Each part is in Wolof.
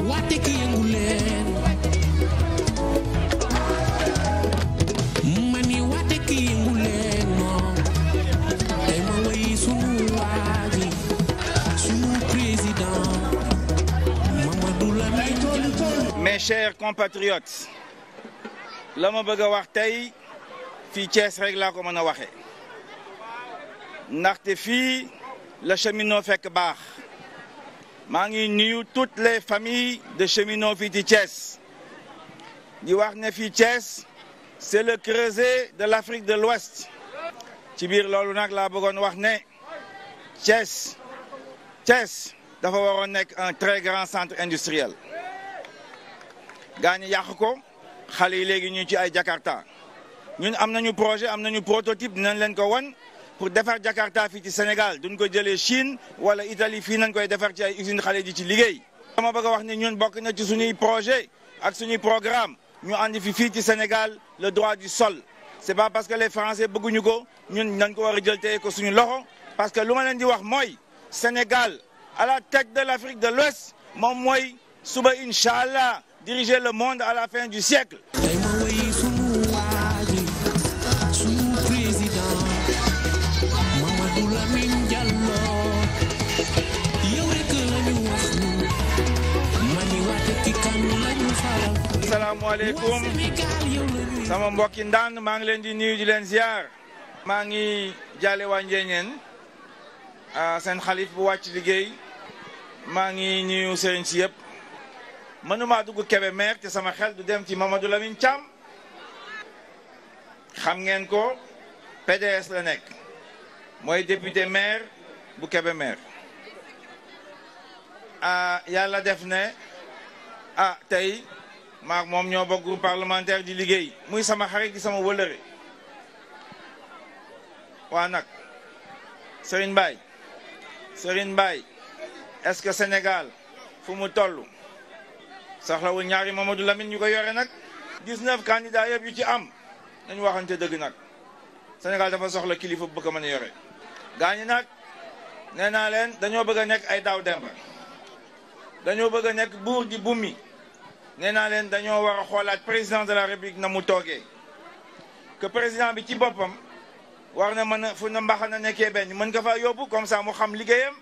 wàtte ki yëngu leen ma ni wàtte ki yëngu leen non tey ma wéy sunu waa ji sunu président Mamadou Lamine Diallo. Mes chers compatriotes la ma bëgg a wax tey fii Thiès rek laa ko mën a waxe ndaxte fii la cheminot fekk baax. maa ngi nuyu toutes les familles de cheminots fii ci Thiès di wax ne fii Thiès c'est le creuset de l'Afrique de l'Ouest ci biir loolu nag laa bëggoon wax ne Thiès Thiès dafa waroon nekk un très grand centre industriel gaa ñi yàq ko xale yi léegi ñu ci ay Jakarta ñun am nañu projet am nañu prototype dinañ leen ko wan pour defar Jakarta fii ci Sénégal duñ ko jëlee Chine wala Italie fii nañ koy defar ci ay usines xale ji ci liggéey. dama bëgg wax ni ñun bokk na ci suñuy projet ak suñuy programme ñu andi fii fii ci Sénégal le droit du sol c'est pas parce que les Français bëgguñu ko ñun nañ ko war a jël tey ko suñu loxo parce que lu ma leen di wax mooy Sénégal à la tête de l'Afrique de l'Ouest moom mooy suba incha allah diriger le monde à la fin du siècle. asalaamualeykum sama mbokki ndaan maa ngi leen di nuyu di leen ziar. maa ngi jaale waa Njeeñeen seen xalif bu wàcc liggéey maa ngi nuyu seen si yëpp mënumaa dugg Kébémer te sama xel du dem ci Mamadou Lamine Thiam xam ngeen ko PDS la nekk mooy député maire bu Kébémer ah yàlla def ne ah tey maak moom ñoo bokk groupe parlementaire di liggéey muy sama xarit gi sama wëlëre waa nag sëriñ Baye Serigne Baye est-ce que Sénégal fu mu toll soxlawul ñaari Mamadou Lamine ñu ko yore nag 19 candidats yëpp yu ci am nañu waxante dëgg nag Sénégal dafa soxla kilifa bu bëgg a mën yore gaa ñi nag nee naa leen dañoo bëgg nekk ay daaw demba dañoo bëgg nekk buur di bummi nee naa leen dañoo war a xoolaat président de la république na mu toogee que président bi ci boppam war na man a fu na ne nekkee benn mën nga faa yóbbu comme ça mu xam liggéeyam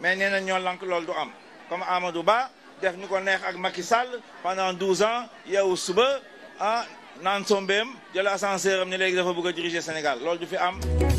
mais nee na ñoo lank loolu du am comme Amadou Ba def nu ko neex ak Macky Sall pendant douze ans yeewu suba ah naan sombeem jël ascenseur am ne léegi dafa bëgg a diriger Sénégal loolu du fi am